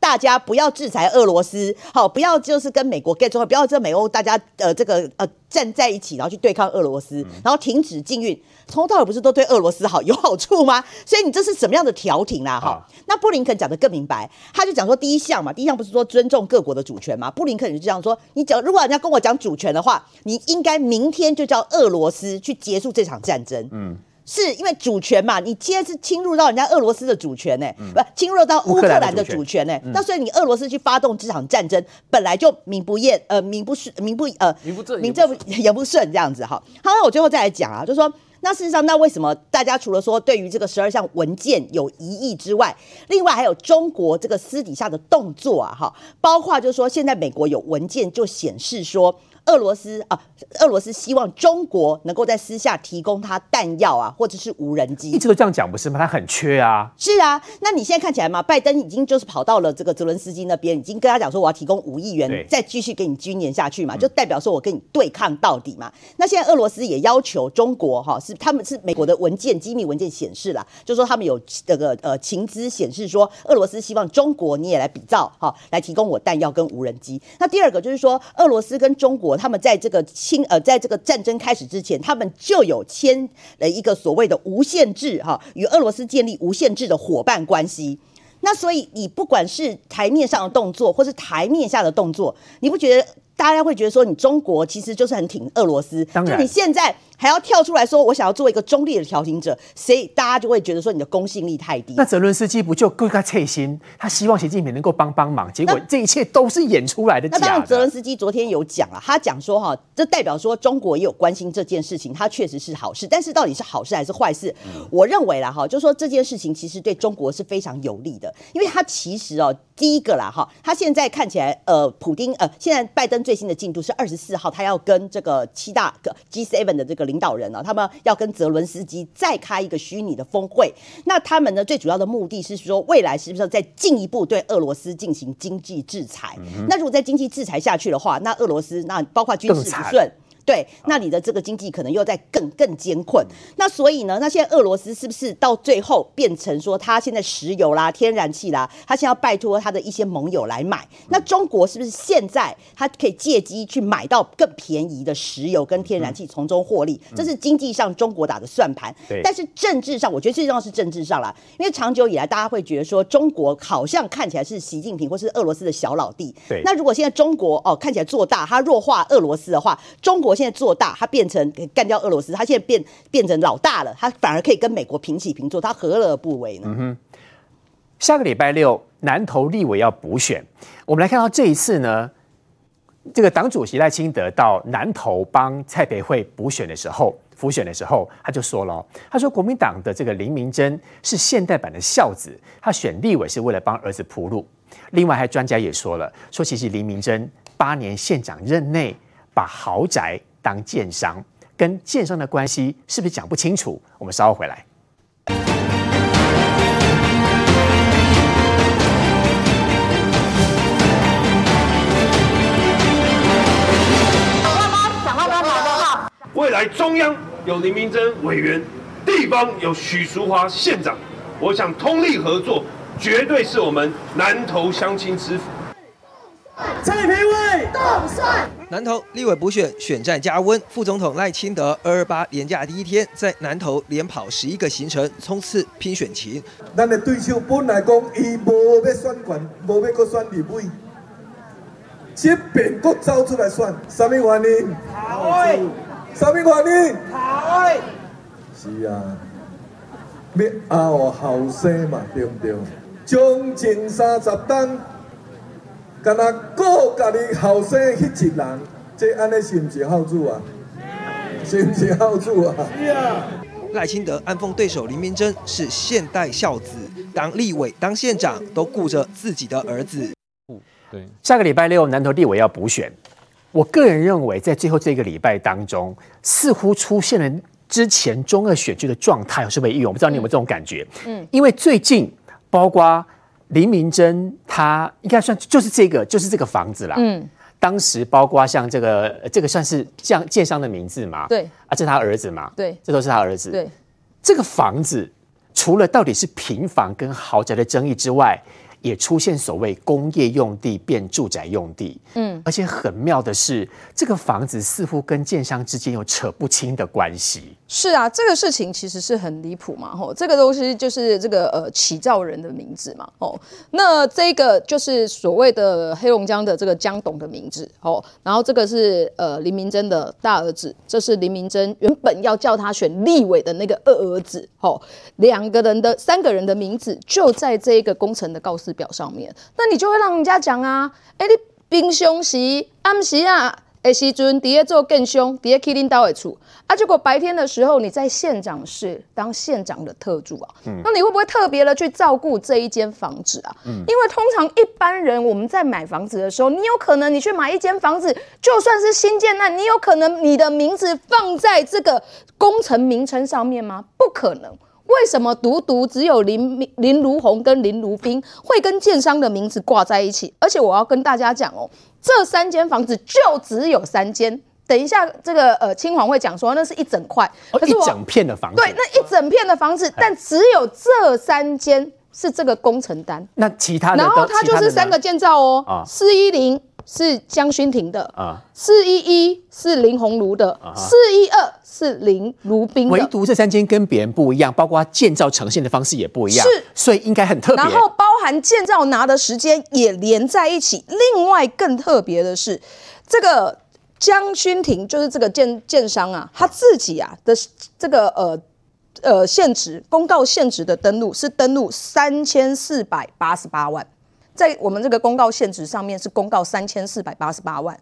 大家不要制裁俄羅斯，好，不要就是跟美國 get t o 不要這美歐大家呃這個呃站在一起，然後去對抗俄羅斯，嗯、然後停止禁運，從頭到尾不是都對俄羅斯好有好處嗎？所以你這是什麼樣的調停啦，啊？哈，啊、那布林肯講的更明白，他就講說第一項嘛，第一項不是說尊重各國的主權嗎？布林肯就這樣說，你講如果人家跟我講主權的話，你應該明天就叫俄羅斯去結束這場戰爭。嗯。是因為主權嘛？你既然是侵入到人家俄羅斯的主權呢、欸，不、嗯、侵入到烏克蘭的主權呢？那所以你俄羅斯去發動這場戰爭，嗯、本來就名不厭呃名不順名不呃名不正,名正不言不順這樣子哈。好，那我最後再來講啊，就說那事實上那為什麼大家除了說對於這個十二項文件有疑義之外，另外還有中國這個私底下的動作啊哈，包括就是說現在美國有文件就顯示說。俄羅斯啊，俄羅斯希望中國能夠在私下提供他彈藥啊，或者是無人機，你一直
都這樣講不是嗎？他很缺啊，
是啊。那你現在看起來嘛，拜登已經就是跑到了這個澤倫斯基那邊，已經跟他講說我要提供五億元，對再繼續給你軍演下去嘛，就代表說我跟你對抗到底嘛。嗯、那現在俄羅斯也要求中國哈、哦，是他們是美國的文件機密文件顯示啦，就說他們有這個呃情資顯示說，俄羅斯希望中國你也來比照哈、哦，來提供我彈藥跟無人機。那第二個就是說，俄羅斯跟中國。他們在這個清呃，在這個戰爭開始之前，他們就有簽了一個所謂的無限制哈，與俄羅斯建立無限制的夥伴關係。那所以你不管是台面上的動作，或是台面下的動作，你不覺得？大家會覺得說，你中國其實就是很挺俄羅斯，當然，你現在還要跳出來說，我想要做一個中立的調停者，所以大家就會覺得說，你的公信力太
低。那澤倫斯基不就更加貼心，他希望習近平能夠幫幫忙，結果這一切都是演出來的。那,的那當然，澤
倫斯基昨天有講了，啊，他講說，哈、啊，這代表說，中國也有關心這件事情，它確實是好事。但是到底是好事還是壞事？嗯、我認為啦，哈、啊，就說，這件事情其實對中國是非常有利的，因為它其實哦、啊。第一個啦，哈，他現在看起來，呃，普丁。呃，現在拜登最新的進度是二十四號，他要跟這個七大個 G seven 的這個領導人，他們要跟澤倫斯基再開一個虛擬的峰會。那他們呢，最主要的目的是說，未來是不是要再進一步對俄羅斯進行經濟制裁？嗯、哼那如果在經濟制裁下去的話，那俄羅斯那包括軍事不順。對，那你的這個經濟可能又在更更艱困，嗯、那所以呢，那現在俄羅斯是不是到最後變成說，他現在石油啦、天然氣啦，他現在要拜託他的一些盟友來買，嗯、那中國是不是現在他可以借機去買到更便宜的石油跟天然氣，從中獲利？嗯、這是經濟上中國打的算盤。對、嗯，嗯、但是政治上，我覺得最重要是政治上啦。因為長久以來大家會覺得說，中國好像看起來是習近平或是俄羅斯的小老弟。對，那如果現在中國哦、呃、看起來做大，他弱化俄羅斯的話，中國。現在做大，他變成幹掉俄羅斯，他現在變變成老大了，他反而可以跟美國平起平坐，他何樂而不為
呢、嗯？下個禮拜六南投立委要補選，我們來看到這一次呢，這個黨主席賴清德到南投幫蔡培慧補選的時候，輔選的時候，他就說了、哦，他說國民黨的這個林明溱是現代版的孝子，他選立委是為了幫兒子鋪路。另外，還有專家也說了，說其實林明溱八年縣長任內，把豪宅。當建商跟建商的關係是不是講不清楚？我們稍後回來。
外
未來中央有林明溱委員，地方有許淑華縣長，我想通力合作，絕對是我們南投鄉親之福。
蔡英文當選。
算南投立委補選選戰加溫，副總統賴清德二二八年假第一天在南投連跑十一個行程，衝刺拼選
情。干阿個家的後生去接人，這安尼是不是孝子啊？欸、是不是孝子啊？是
啊、欸。賴清德暗諷對手林明溱，是現代孝子，當立委、當縣長都顧着自己的兒子。對下個禮拜六，南投立委要補選。我個人認為，在最後這個禮拜當中，似乎出現了之前中二選舉的狀態，有是被預。我不知道你有沒有這種感覺？嗯。嗯，因為最近，包括。林明溱，他應該算就是這個，就是這個房子啦。嗯，當時包括像這個，這個算是建商的名字嘛？對。啊，這是他兒子嘛？對，這都是他兒子。對。這個房子除了到底是平房跟豪宅的爭議之外，也出現所謂工業用地變住宅用地。嗯，而且很妙的是，這個房子似乎跟建商之間有扯不清的關係。
是啊，這個事情其實是很離譜嘛，吼，這個東西就是這個呃起造人的名字嘛，哦，那這個就是所謂的黑龍江的這個江董的名字，哦，然後這個是呃林明溱的大兒子，這是林明溱原本要叫他選立委的那個二兒子，哦，兩個人的三個人的名字就在這個工程的告示表上面，那你就會讓人家講啊，哎、欸，你平常時安時啊。哎，西尊，在你下做建商，你下 killing 出啊。結果白天的時候，你在縣長室當縣長的特助啊，嗯、那你會不會特別的去照顧這一間房子啊？嗯、因為通常一般人我們在買房子的時候，你有可能你去買一間房子，就算是新建案，你有可能你的名字放在這個工程名稱上面嗎？不可能。為什麼獨獨只有林林如虹跟林如冰會跟建商的名字掛在一起？而且我要跟大家講哦。這三間房子就只有三間，等一下這個呃，清皇會講說那是一整塊，可是我、哦、一整
片的房子，對
那一整片的房子，嗎但只有這三間是這個工程單，
那其他的，然後它就是三個建造哦，四
一零。10，哦是江薰庭的啊，四一一是林鴻儒的，四一二是林如冰的，唯獨
這三間跟別人不一樣，包括他建造呈現的方式也不一樣，是，所以應該很特別。然後
包含建造拿的時間也連在一起。另外更特別的是，這個江薰庭就是這個建建商啊，他自己啊的這個呃呃現值公告現值的登錄是登錄三千四百八十八萬。在我們這個公告限值上面是公告三千四百八十八萬，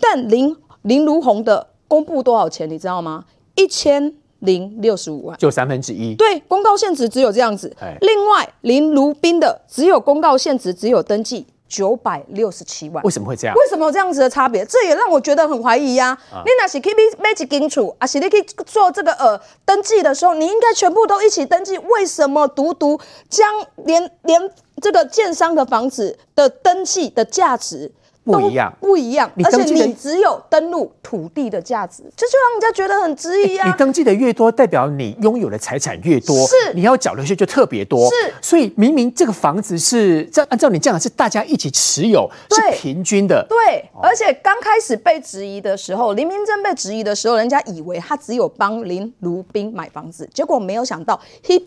但林林如洪的公布多少錢，你知道嗎？一千零六十五萬，就
三分之一。對，
公告限值只有這樣子。哎，另外林如斌的只有公告限值，只有登記。九百六十七萬，為什麼會這樣？為什麼有這樣子的差別？這也讓我覺得很懷疑呀。你如果是去買一間厝啊，還是你去做這個呃登記的時候，你應該全部都一起登記，為什麼獨獨將連連這個建商的房子的登記的價值？不一樣，不一樣。而且你只有登錄土地的價值，這就讓人家覺得很質疑啊、欸。你
登記的越多，代表你擁有的財產越多，是你要繳的稅就特別多。是，所以明明這個房子是這按照你這樣是大家一起持有，對是平均的。
對，哦、而且剛開始被質疑的時候，林明溱被質疑的時候，人家以為他只有幫林如冰買房子，結果沒有想到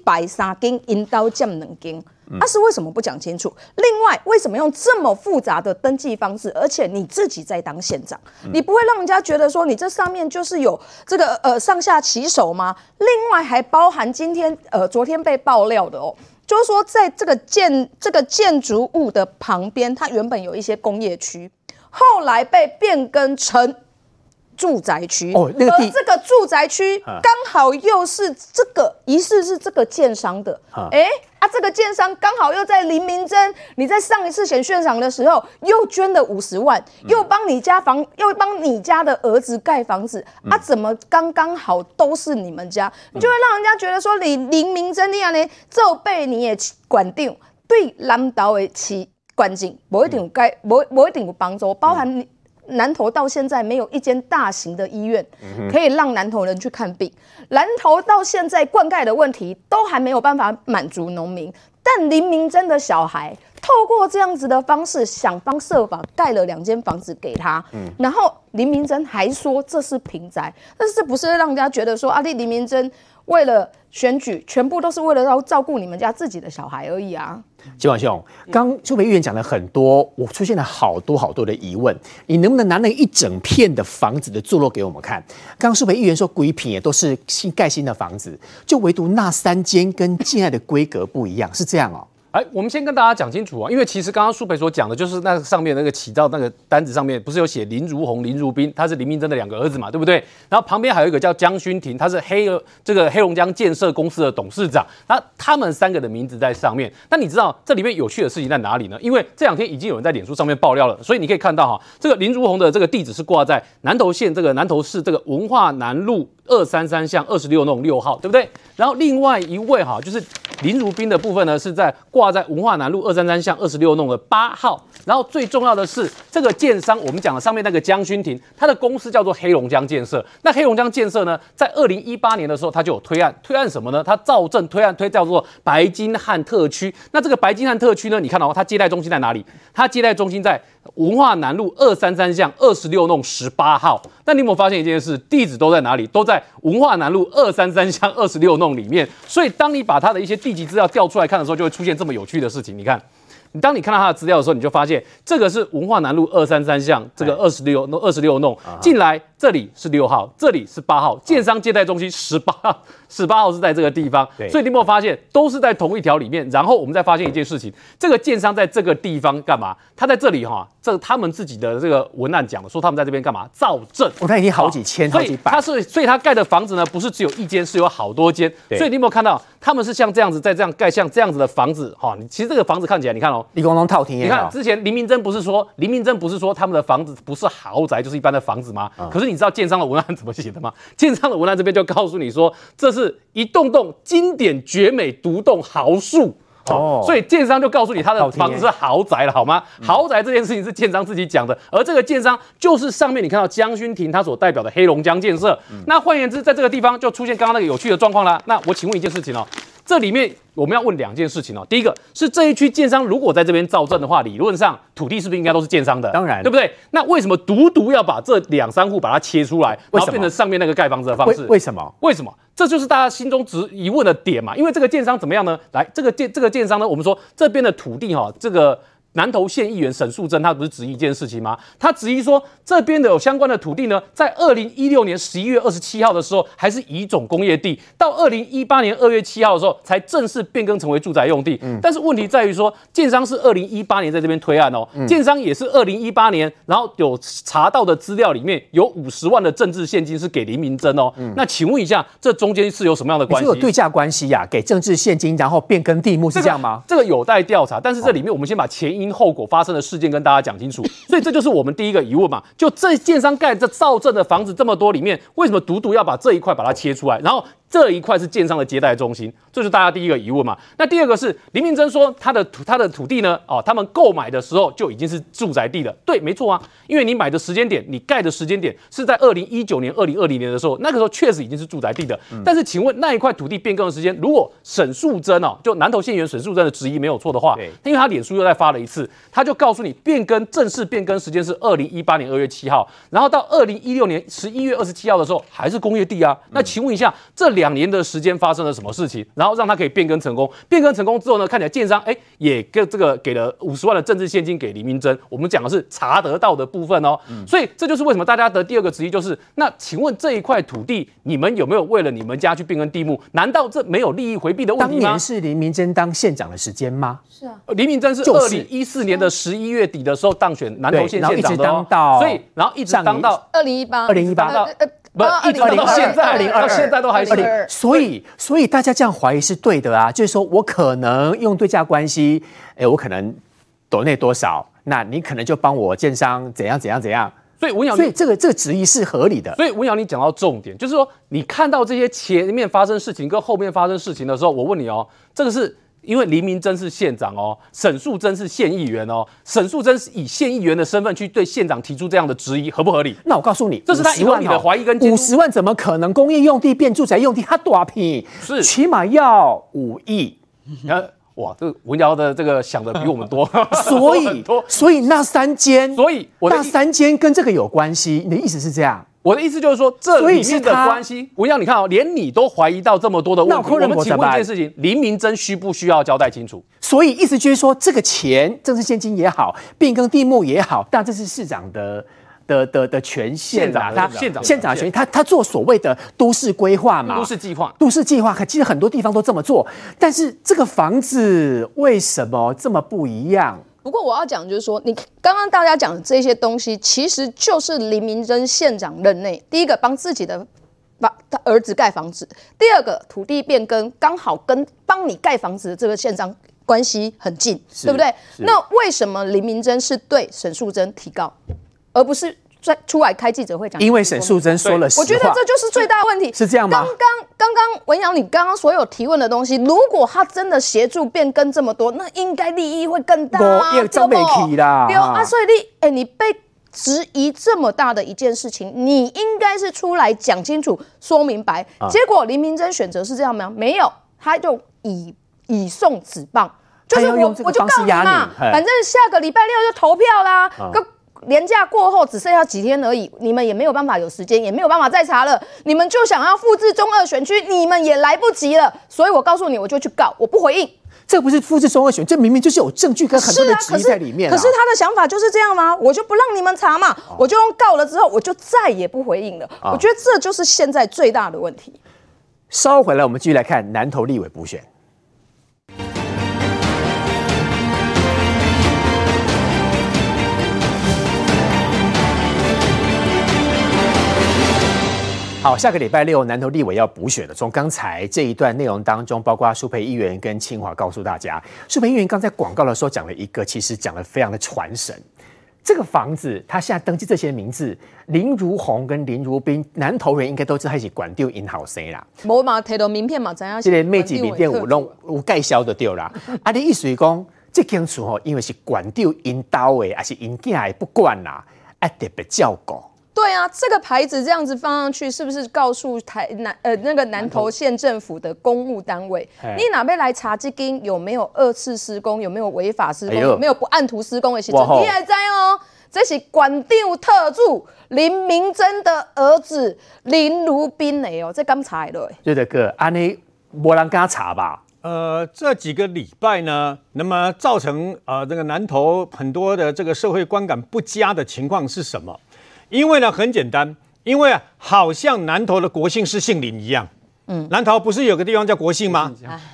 百三紗巾陰道降冷巾。那、啊、是為什麼不講清楚？另外，為什麼用這麼複雜的登記方式？而且你自己在當縣長，你不會讓人家覺得說你這上面就是有這個呃上下其手嗎？另外，還包含今天呃昨天被爆料的哦，就是說在這個建這個建築物的旁邊，它原本有一些工業區，後來被變更成。住宅區，而這個住宅區剛好又是這個，一次 Huh. 是這個建商的，哎 Huh.、欸，啊，這個建商剛好又在林明溱，你在上一次選縣長的時候又捐了五十萬，嗯、又幫你家房，又幫你家的兒子蓋房子，嗯、啊，怎麼剛剛好都是你們家，嗯、你就會讓人家覺得說你林明溱那樣呢？這輩你也管定，對南投的起管鍵，不一定該，嗯、不無一定有幫助，包含你。嗯南投到現在沒有一間大型的醫院，可以讓南投人去看病。南投到現在灌溉的問題都還沒有辦法滿足農民，但林明溱的小孩透過這樣子的方式，想方設法蓋了兩間房子給他。嗯、然後林明溱還說這是平宅，但是不是讓人家覺得說，阿、啊、弟林明溱為了。選舉全部都是為了要照顧你們家自己的小孩而已啊！嗯、
嶔煌兄，剛舒培議員講了很多，嗯、我出現了好多好多的疑問。你能不能拿那個一整片的房子的坐落給我們看？剛剛舒培議員說，古雨也都是新蓋新的房子，就唯獨那三間跟敬愛的規格不一樣，是這樣
哦？哎，我們先跟大家講清楚啊，因為其實剛剛舒培所講的，就是那上面那個起造那個單子上面，不是有寫林如洪、林如斌，他是林明溱的兩個兒子嘛，對不對？然後旁邊還有一個叫江勳廷，他是黑這個黑龍江建設公司的董事長，那他們三個的名字在上面。那你知道這裡面有趣的事情在哪裡呢？因為這兩天已經有人在臉書上面爆料了，所以你可以看到哈、啊，這個林如洪的這個地址是掛在南投縣這個南投市這個文化南路，二三三巷二十六弄六號，對不對？然後另外一位哈，就是林如斌的部分呢，是在掛在文化南路二三三巷二十六弄的八號。然後最重要的是，這個建商我們講的上面那個江勳庭，他的公司叫做黑龍江建設。那黑龍江建設呢，在二零一八年的時候，他就有推案，推案什麼呢？他造證推案推叫做白金漢特區。那這個白金漢特區呢，你看到哦嗎？他接待中心在哪裡？他接待中心在。文化南路二三三巷二十六弄十八號，但你有沒有發現一件事？地址都在哪裡？都在文化南路二三三巷二十六弄裡面。所以，當你把它的一些地籍資料調出來看的時候，就會出現這麼有趣的事情。你看，你當你看到它的資料的時候，你就發現這個是文化南路二三三巷，這個二十六弄二十六弄進來這裡是六號，這裡是八號，建商接待中心十八號。十八號是在這個地方，對所以你有沒有發現都是在同一條裡面？然後我們再發現一件事情，這個建商在這個地方幹嘛？他在這裡哈、哦，這他們自己的這個文案講了，說他們在這邊幹嘛？造鎮。哦，他已經好幾千，好幾百。他是所以他蓋的房子呢，不是只有一間，是有好多間。對所以你有沒有看到他們是像這樣子，在這樣蓋像這樣子的房子？哈、哦，其實這個房子看起來，你看哦，
一功棟套廳。你看之
前林明溱不是說，林明溱不是說他們的房子不是豪宅就是一般的房子嗎？嗯、可是你知道建商的文案怎麼寫的嗎？建商的文案這邊就告訴你說，這是。是一棟棟經典絕美獨棟豪墅哦，oh. 所以建商就告訴你他的房子是豪宅了，好嗎？豪宅這件事情是建商自己講的，嗯、而這個建商就是上面你看到江勳庭他所代表的黑龍江建設。嗯、那換言之，在這個地方就出現剛剛那個有趣的狀況了。那我請問一件事情哦。這裡面我們要問兩件事情哦。第一個是這一區建商如果在這邊造鎮的話，理論上土地是不是應該都是建商的？當然，對不對？那為什麼獨獨要把這兩三戶把它切出來，然後變成上面那個蓋房子的方式？為、為什麼？為什麼？這就是大家心中只疑問的點嘛。因為這個建商怎麼樣呢？來，這個建這個建商呢，我們說這邊的土地哈、哦，這個。南投縣議員沈夙崢，他不是質疑一件事情嗎？他質疑說，這邊的有相關的土地呢，在二零一六年十一月二十七號的時候，還是乙種工業地，到二零一八年二月七號的時候，才正式變更成為住宅用地。嗯。但是問題在於說，建商是二零一八年在這邊推案哦，嗯、建商也是二零一八年，然後有查到的資料裡面有五十萬的政治現金是給林明溱哦。嗯。那請問一下，這中間是有什麼樣的關係？欸、是有對
價關係呀、啊，給政治現金，然後變更地目是這樣、個、嗎？
這個有待調查，但是這裡面我們先把前一因後果發生的事件跟大家講清楚，所以這就是我們第一個疑問嘛。就這建商蓋這造鎮的房子這麼多裡面，為什麼獨獨要把這一塊把它切出來？然後。這一塊是建商的接待中心，這就是大家第一個疑問嘛。那第二個是林明溱說他的土，他的土地呢，哦，他們購買的時候就已經是住宅地的。對，沒錯啊，因為你買的時間點，你蓋的時間點是在二零一九年、二零二零年的時候，那個時候確實已經是住宅地的。嗯、但是，請問那一塊土地變更的時間，如果沈夙崢哦，就南投縣員沈夙崢的質疑沒有錯的話，對因為他臉書又再發了一次，他就告訴你變更，正式變更時間是二零一八年二月七號，然後到二零一六年十一月二十七號的時候還是工業地啊。嗯、那請問一下這兩。兩年的時間發生了什麼事情，然後讓他可以變更成功。變更成功之後呢，看起來建商哎也跟這個給了五十萬的政治現金給林明溱。我們講的是查得到的部分哦，嗯、所以這就是為什麼大家的第二個質疑就是：那請問這一塊土地你們有沒有為了你們家去變更地目？難道這沒有利益回避的問題嗎？當年是林明溱當縣長的時間嗎？
是啊，林明溱是二零
一四年的十一月底的時候當選南投縣縣長，然後一直當到，所以然後一直當到二零、哦、一八二零一八到。不，一到現在二零二，現在都還是二零。
所以，對所以大家這樣懷疑是對的啊，就是說我可能用對價關係，誒我可能抖內多少，那你可能就幫我建商怎樣怎
樣怎樣。所以文堯，所以這
個這個質疑是合理的。
所以文堯，你講到重點，就是說你看到這些前面發生事情跟後面發生事情的時候，我問你哦，這個是。因為林明溱是縣長哦，沈夙崢是縣議員哦，沈夙崢是以縣議員的身份去對縣長提出這樣的質疑，合不合理？那我告訴你，這是十萬跟、
哦。五十萬怎麼可能？工業用地變住宅用地，它多少坪是起碼要
五億。你看， 哇，這何文堯的這個想的比我們多， 所以 多
多所以那三間，所以我那三間跟這個有關係。你的意思是這樣？我的意思就是說，這裡面的關係，
我要你看哦，連你都懷疑到這麼多的問題。那我，不我們請問這件事情：林明溱需不需要交代清楚？
所以意思就是說，這個錢，政治獻金也好，變更地目也好，但這是市長的的的的，的權限的、啊，縣長他縣縣長的權限，縣縣他他做所謂的都市規劃嘛？都市計劃，都市計劃，其實很多地方都這麼做，但是這個房子為什麼這麼不一樣？
不過我要講，就是說，你剛剛大家講的這些東西，其實就是林明溱縣長任內，第一個幫自己的，把他兒子蓋房子，第二個土地變更，剛好跟幫你蓋房子的這個縣長關係很近，是對不對？是那為什麼林明溱是對沈夙崢提告，而不是？在出來開記者會講，因為沈夙崢說了，對 我覺得這就是最大的問題，是這樣嗎？剛剛剛剛文堯你剛剛所有提問的東西，如果他真的協助變更這麼多，那應該利益會更大，啊、會了對嗎？都沒去啦，對啊，啊所以你哎、欸，你被質疑這麼大的一件事情，你應該是出來講清楚，說明白，啊、結果林明溱選擇是這樣嗎？沒有，他就以以送紙棒，就是我我就告訴你嘛。反正下個禮拜六就投票啦，啊連假過後只剩下幾天而已，你們也沒有辦法有時間，也沒有辦法再查了。你們就想要複製中二選區，你們也來不及了。所以我告訴你，我就去告，我不回應。這不是複製中
二選，這明明就是有證據跟很多的質疑在裡面、啊啊可。可是
他的想法就是這樣嗎？我就不讓你們查嘛，哦、我就用告了之後，我就再也不回應了。哦、我覺得這就是現在最大的問題。
稍、哦、回來，我們繼續來看南投立委補選。好，下個禮拜六南投立委要補選的。從剛才這一段內容當中，包括舒培議員跟清華告訴大家，舒培議員剛在廣告的時候講了一個，其實講的非常的傳神。這個房子他現在登記這些名字，林如虹跟林如冰，南投人應該都知道，他是管釣因好生啦。
無嘛，摕到名片嘛，知啊。這個妹子名片我弄，
我介紹的掉了。啊，你意思講，這間厝吼，因為是管釣因到的，還是因家的不管啦，還得別照顧。
對啊，這個牌子這樣子放上去，是不是告訴台南呃那個南投縣政府的公務單位，投你哪邊來查基金有沒有二次施工，有沒有違法施工，哎、呦有沒有不按圖施工的後你也在哦，這是管定特助林明溱的兒子林儒彬的哦，這剛查
的，就是。瑞德哥，安妮沒人跟他查吧。
呃，這幾個禮拜呢，那麼造成呃這個南投很多的這個社會觀感不佳的情況是什麼？因為呢，很簡單，因為好像南投的國姓是姓林一樣。嗯，南投不是有個地方叫國姓嗎？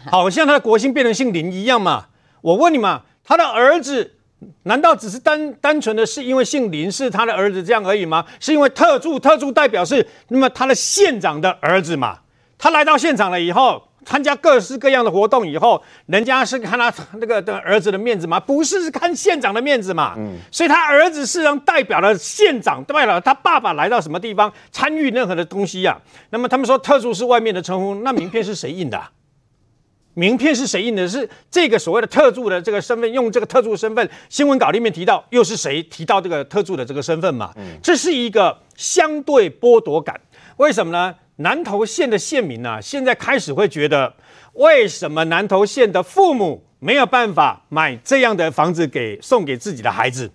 好像他的國姓變成姓林一樣嘛。我問你們，他的兒子難道只是單單純的是因為姓林是他的兒子這樣而已嗎？是因為特助特助代表是那麼他的縣長的兒子嘛？他來到現場了以後。參加各式各樣的活動以後，人家是看他那個的兒子的面子嗎？不是，是看縣長的面子嘛。嗯，所以他兒子是能代表了縣長，代表他爸爸來到什麼地方參與任何的東西呀、啊？那麼他們說特助是外面的稱呼，那名片是誰印的、啊？名片是誰印的？是這個所謂的特助的這個身份，用這個特助身份，新聞稿裡面提到又是誰提到這個特助的這個身份嘛？嗯，這是一個相對剝奪感，為什麼呢？南投縣的縣民呢、啊，現在開始會覺得，為什麼南投縣的父母沒有辦法買這樣的房子給送給自己的孩子？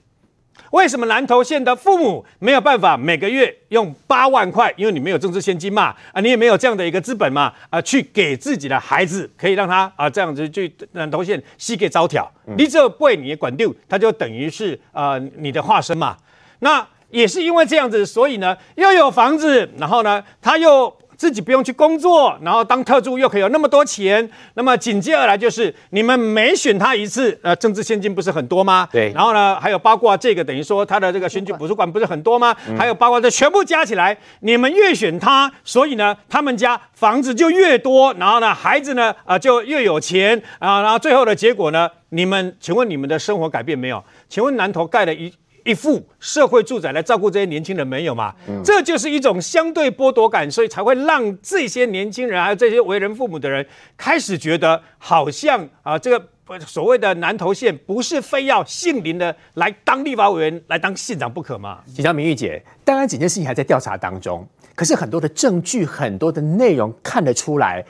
為什麼南投縣的父母沒有辦法每個月用八萬塊？因為你沒有政治現金嘛，啊，你也沒有這樣的一個資本嘛，啊，去給自己的孩子，可以讓他啊這樣子去南投縣吸個招條，嗯、你這輩你也管丟，他就等於是啊、呃、你的化身嘛，那。也是因為這樣子，所以呢，又有房子，然後呢，他又自己不用去工作，然後當特助又可以有那麼多錢。那麼緊接而來就是，你們每選他一次，呃，政治獻金不是很多嗎？對。然後呢，還有包括這個，等於說他的這個選舉圖書館不是很多嗎？嗯、還有包括這全部加起來，你們越選他，所以呢，他們家房子就越多，然後呢，孩子呢，啊、呃，就越有錢啊。然後最後的結果呢，你們請問你們的生活改變沒有？請問南投蓋了一。一副社會住宅來照顧這些年輕人沒有嘛？嗯、這就是一種相對剝奪感，所以才會讓這些年輕人還有這些為人父母的人開始覺得好像啊、呃，這個、呃、所謂的南投縣不是非要姓林的來當立法委員、來當縣長不可嘛？
請、嗯、教明玉姐，當然整件事情還在調查當中，可是很多的證據、很多的內容看得出來，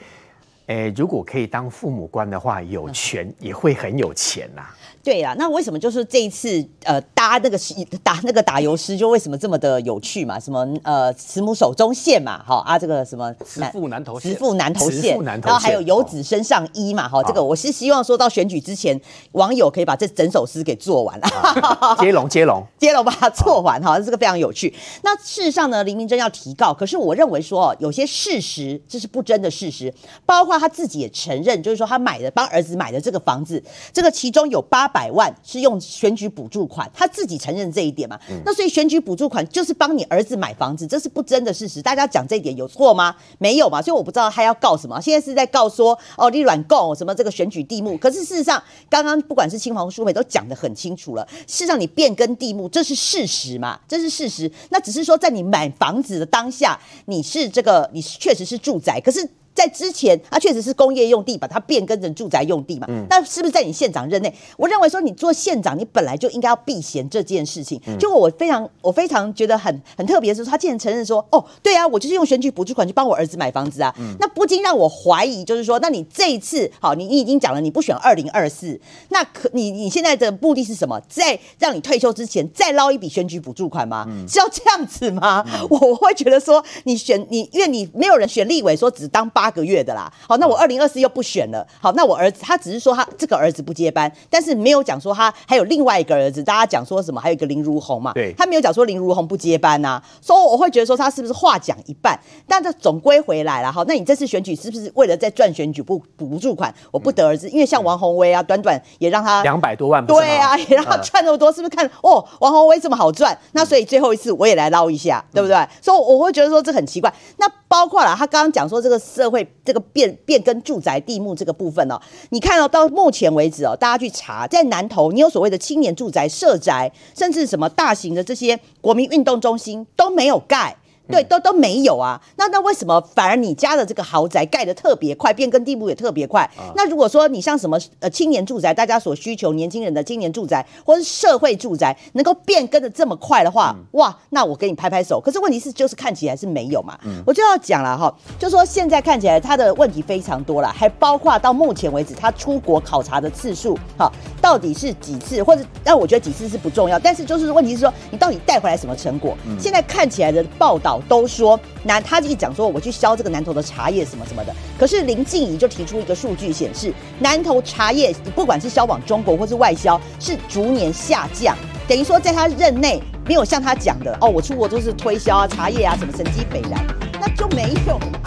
呃、如果可以當父母官的話，有權也會很有錢吶、啊。
對啦、啊，那為什麼就是這一次呃，搭那個打那個打油詩，就為什麼這麼的有趣嘛？什麼呃，慈母手中線嘛，好、哦、啊，這個什麼南慈父南投線，慈父南投線，然後還有游子身上衣嘛，好、哦，哦、這個我是希望說，到選舉之前，網友可以把這整首詩給做完，了、哦哈。接龍接龍接龍把它做完哈，哦、這個非常有趣。那事實上呢，林明溱要提告，可是我認為說，有些事實這是不爭的事實，包括他自己也承認，就是說他買的幫兒子買的這個房子，這個其中有八。百萬是用選舉補助款，他自己承認這一點嘛？嗯、那所以選舉補助款就是幫你兒子買房子，這是不爭的事實。大家講這一點有錯嗎？沒有嘛？所以我不知道他要告什麼。現在是在告說哦，你亂告什麼這個選舉地目？可是事實上，剛剛不管是嶔煌、舒培都講得很清楚了，事實上你變更地目，這是事實嘛？這是事實。那只是說在你買房子的當下，你是這個，你確實是住宅，可是。在之前，他確實是工業用地，把它變更成住宅用地嘛。嗯。那是不是在你縣長任內？我認為說你做縣長，你本來就應該要避嫌這件事情。嗯。就我非常，我非常覺得很很特別的是，他竟然承認說，哦，對啊，我就是用選舉補助款去幫我兒子買房子啊。嗯。那不禁讓我懷疑，就是說，那你這一次，好，你你已經講了，你不選二零二四，那可你你現在的目的是什麼？在讓你退休之前再撈一筆選舉補助款嗎？嗯。是要這樣子嗎？嗯。我會覺得說，你選你，因為你沒有人選立委，說只當八。八個月的啦，好，那我二零二四又不選了，好，那我兒子，他只是說他這個兒子不接班，但是沒有講說他還有另外一個兒子，大家講說什麼還有一個林如紅嘛，對，他沒有講說林如紅不接班啊，所以我會覺得說他是不是話講一半，但這總歸回來了哈，那你這次選舉是不是為了再賺選舉不補助款？嗯、我不得而知，因為像王鴻薇啊，嗯、短短也讓他兩百多萬不，對啊，也讓他賺那麼多，嗯、是不是看哦，王鴻薇這麼好賺，那所以最後一次我也來撈一下，對不對？嗯、所以我會覺得說這很奇怪，那包括了他剛剛講說這個社會。會這個變變更住宅地目這個部分哦，你看哦，到目前為止哦，大家去查，在南投，你有所謂的青年住宅、社宅，甚至什麼大型的這些國民運動中心都沒有蓋。對，都都沒有啊。那那為什麼反而你家的這個豪宅蓋的特別快，變更地目也特別快？啊、那如果說你像什麼呃青年住宅，大家所需求年輕人的青年住宅，或是社會住宅，能夠變更的這麼快的話，嗯、哇，那我給你拍拍手。可是問題是，就是看起來是沒有嘛。嗯、我就要講了哈，就說現在看起來他的問題非常多啦，還包括到目前為止他出國考察的次數，哈，到底是幾次？或者那我覺得幾次是不重要，但是就是問題是說你到底帶回來什麼成果？嗯、現在看起來的報道。都說，那他就講說我去銷這個南投的茶葉什麼什麼的，可是林靜儀就提出一個數據顯示，南投茶葉不管是銷往中國或是外銷，是逐年下降，等於說在他任內沒有像他講的哦，我出國都是推銷啊茶葉啊什麼成績斐然，那就沒有。